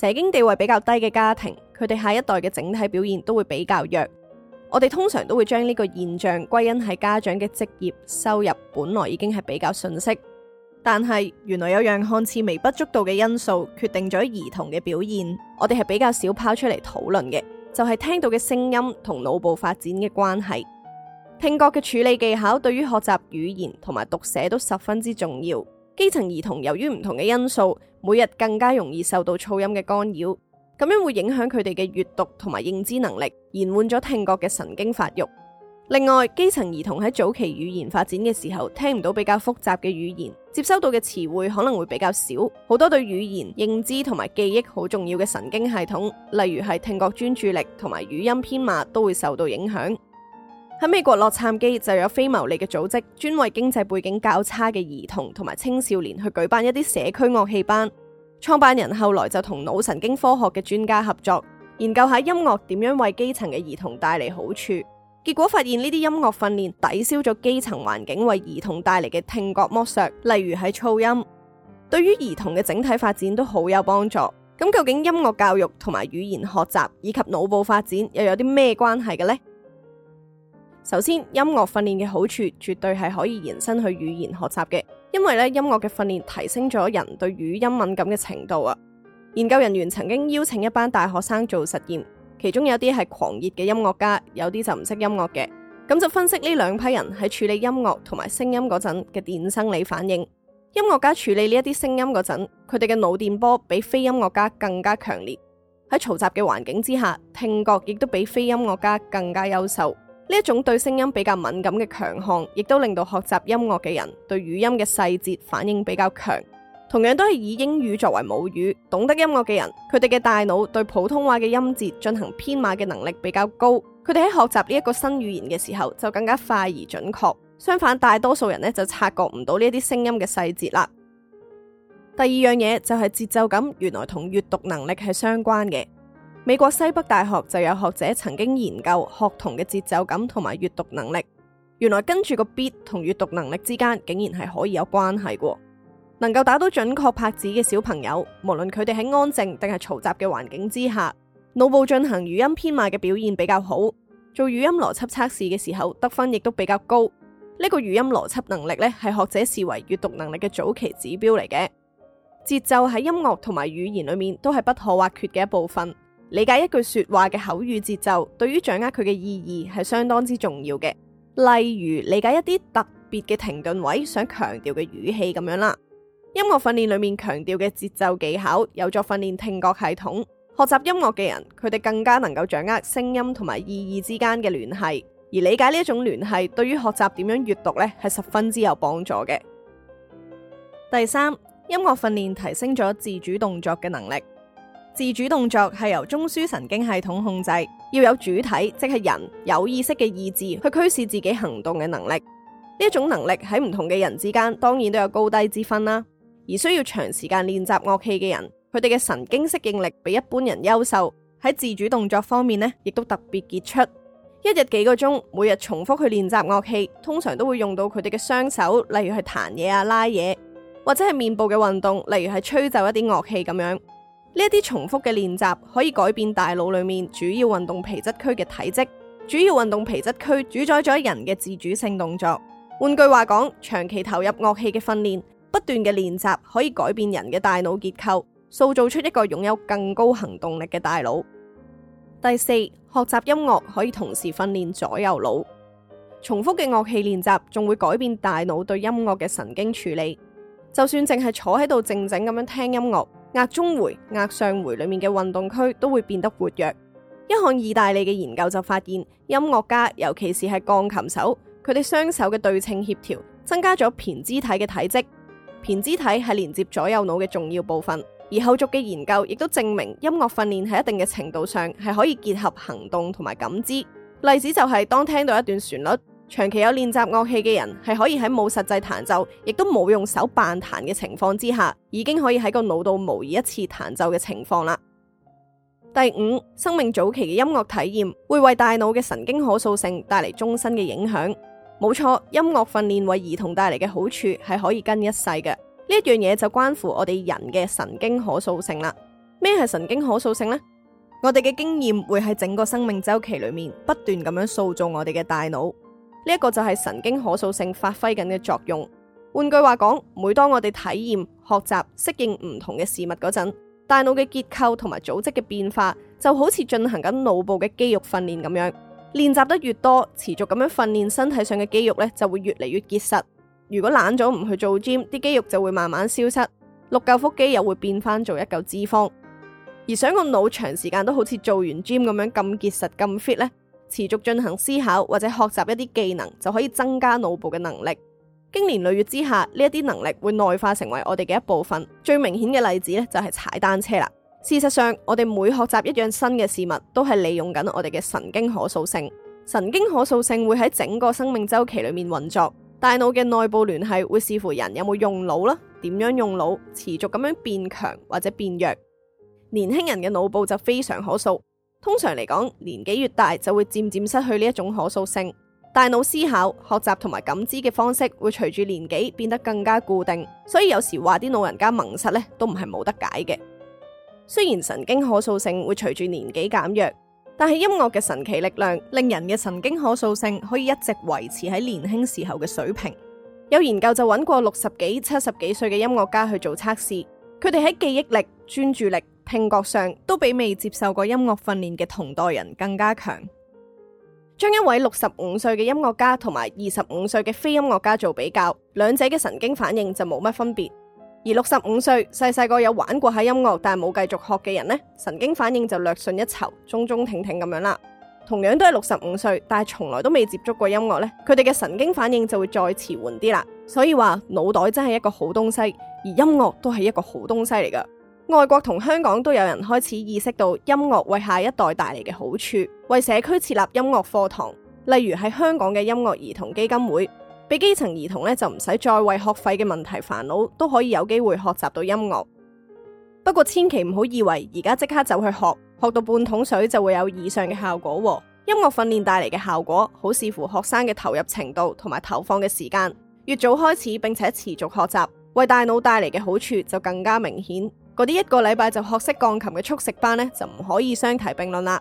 社經地位比較低嘅家庭，佢哋下一代嘅整體表現都會比較弱。我哋通常都會將呢個現象歸因喺家長嘅職業收入本來已經係比較遜色，但係原來有樣看似微不足道嘅因素決定咗兒童嘅表現，我哋係比較少跑出嚟討論嘅，就係、是、聽到嘅聲音同腦部發展嘅關係。聽覺嘅處理技巧對於學習語言同埋讀寫都十分之重要。基層兒童由於唔同嘅因素，每日更加容易受到噪音嘅干擾，咁樣會影響佢哋嘅閱讀同埋認知能力，延緩咗聽覺嘅神經發育。另外，基層兒童喺早期語言發展嘅時候，聽唔到比較複雜嘅語言，接收到嘅詞彙可能會比較少，好多對語言認知同埋記憶好重要嘅神經系統，例如係聽覺專注力同埋語音編碼，都會受到影響。喺美國洛杉磯就有非牟利嘅組織，專為經濟背景較差嘅兒童同埋青少年去舉辦一啲社區樂器班。創辦人後來就同腦神經科學嘅專家合作，研究下音樂點樣為基層嘅兒童帶嚟好處。結果發現呢啲音樂訓練抵消咗基層環境為兒童帶嚟嘅聽覺剝削，例如喺噪音，對於兒童嘅整體發展都好有幫助。咁究竟音樂教育同埋語言學習以及腦部發展又有啲咩關係嘅呢？首先，音樂訓練嘅好處絕對係可以延伸去語言學習嘅，因為咧音樂嘅訓練提升咗人對語音敏感嘅程度啊。研究人員曾經邀請一班大學生做實驗，其中有啲係狂熱嘅音樂家，有啲就唔識音樂嘅，咁就分析呢兩批人喺處理音樂同埋聲音嗰陣嘅電生理反應。音樂家處理呢一啲聲音嗰陣，佢哋嘅腦電波比非音樂家更加強烈。喺嘈雜嘅環境之下，聽覺亦都比非音樂家更加優秀。呢一種對聲音比較敏感嘅強項，亦都令到學習音樂嘅人對語音嘅細節反應比較強。同樣都係以英語作為母語，懂得音樂嘅人，佢哋嘅大腦對普通話嘅音節進行編碼嘅能力比較高。佢哋喺學習呢一個新語言嘅時候就更加快而準確。相反，大多數人咧就察覺唔到呢啲聲音嘅細節啦。第二樣嘢就係節奏感，原來同閱讀能力係相關嘅。美國西北大學就有學者曾經研究學童嘅節奏感同埋閱讀能力，原來跟住個 beat 同閱讀能力之間竟然係可以有關係喎。能夠打到準確拍子嘅小朋友，無論佢哋喺安靜定係嘈雜嘅環境之下，腦部進行語音編碼嘅表現比較好。做語音邏輯測試嘅時候，得分亦都比較高。呢個語音邏輯能力咧，係學者視為閱讀能力嘅早期指標嚟嘅。節奏喺音樂同埋語言裏面都係不可或缺嘅一部分。理解一句說話嘅口語節奏，對於掌握佢嘅意義係相當之重要嘅。例如理解一啲特別嘅停頓位，想強調嘅語氣咁樣啦。音樂訓練裏面強調嘅節奏技巧，有助訓練聽覺系統。學習音樂嘅人，佢哋更加能夠掌握聲音同埋意義之間嘅聯繫。而理解呢一種聯繫，對於學習點樣閱讀咧，係十分之有幫助嘅。第三，音樂訓練提升咗自主動作嘅能力。自主動作係由中樞神經系統控制，要有主體，即係人有意識嘅意志去驅使自己行動嘅能力。呢一種能力喺唔同嘅人之間，當然都有高低之分啦。而需要長時間練習樂器嘅人，佢哋嘅神經適應力比一般人優秀，喺自主動作方面呢亦都特別傑出。一日幾個鐘，每日重複去練習樂器，通常都會用到佢哋嘅雙手，例如去彈嘢啊、拉嘢，或者係面部嘅運動，例如係吹奏一啲樂器咁樣。呢一啲重復嘅練習可以改變大腦裏面主要運動皮質區嘅體積，主要運動皮質區主宰咗人嘅自主性動作。換句話講，長期投入樂器嘅訓練，不斷嘅練習可以改變人嘅大腦結構，塑造出一個擁有更高行動力嘅大腦。第四，學習音樂可以同時訓練左右腦，重復嘅樂器練習仲會改變大腦對音樂嘅神經處理。就算淨係坐喺度靜靜咁樣聽音樂。額中回、額上回裏面嘅運動區都會變得活躍。一項意大利嘅研究就發現，音樂家，尤其是係鋼琴手，佢哋雙手嘅對稱協調，增加咗胼胝體嘅體積。胼胝體係連接左右腦嘅重要部分。而後續嘅研究亦都證明，音樂訓練喺一定嘅程度上係可以結合行動同埋感知。例子就係、是、當聽到一段旋律。長期有練習樂器嘅人，係可以喺冇實際彈奏，亦都冇用手扮彈嘅情況之下，已經可以喺個腦度模擬一次彈奏嘅情況啦。第五，生命早期嘅音樂體驗會為大腦嘅神經可塑性帶嚟終身嘅影響。冇錯，音樂訓練為兒童帶嚟嘅好處係可以跟一世嘅呢一樣嘢，就關乎我哋人嘅神經可塑性啦。咩係神經可塑性呢？我哋嘅經驗會喺整個生命周期裏面不斷咁樣塑造我哋嘅大腦。呢個就係神經可塑性發揮緊嘅作用。換句話講，每當我哋體驗、學習、適應唔同嘅事物嗰陣，大腦嘅結構同埋組織嘅變化就好似進行緊腦部嘅肌肉訓練咁樣。練習得越多，持續咁樣訓練身體上嘅肌肉咧，就會越嚟越結實。如果懶咗唔去做 gym，啲肌肉就會慢慢消失，六嚿腹肌又會變翻做一嚿脂肪。而想個腦長時間都好似做完 gym 咁樣咁結實咁 fit 咧？持續進行思考或者學習一啲技能，就可以增加腦部嘅能力。經年累月之下，呢一啲能力會內化成為我哋嘅一部分。最明顯嘅例子咧就係踩單車啦。事實上，我哋每學習一樣新嘅事物，都係利用緊我哋嘅神經可塑性。神經可塑性會喺整個生命周期裏面運作。大腦嘅內部聯繫會視乎人有冇用腦啦，點樣用腦，持續咁樣變強或者變弱。年輕人嘅腦部就非常可塑。通常嚟講，年紀越大就會漸漸失去呢一種可塑性。大腦思考、學習同埋感知嘅方式會隨住年紀變得更加固定，所以有時話啲老人家萌實咧都唔係冇得解嘅。雖然神經可塑性會隨住年紀減弱，但係音樂嘅神奇力量，令人嘅神經可塑性可以一直維持喺年輕時候嘅水平。有研究就揾過六十幾、七十幾歲嘅音樂家去做測試，佢哋喺記憶力、專注力。聽覺上都比未接受過音樂訓練嘅同代人更加強。將一位六十五歲嘅音樂家同埋二十五歲嘅非音樂家做比較，兩者嘅神經反應就冇乜分別。而六十五歲細細個有玩過下音樂但係冇繼續學嘅人呢，神經反應就略遜一籌，中中挺挺咁樣啦。同樣都係六十五歲，但係從來都未接觸過音樂呢，佢哋嘅神經反應就會再遲緩啲啦。所以話，腦袋真係一個好東西，而音樂都係一個好東西嚟噶。外國同香港都有人開始意識到音樂為下一代帶嚟嘅好處，為社區設立音樂課堂，例如喺香港嘅音樂兒童基金會，俾基層兒童咧就唔使再為學費嘅問題煩惱，都可以有機會學習到音樂。不過千祈唔好以為而家即刻就去學，學到半桶水就會有以上嘅效果。音樂訓練帶嚟嘅效果好視乎學生嘅投入程度同埋投放嘅時間，越早開始並且持續學習，為大腦帶嚟嘅好處就更加明顯。嗰啲一個禮拜就學識鋼琴嘅速食班呢，就唔可以相提並論喇。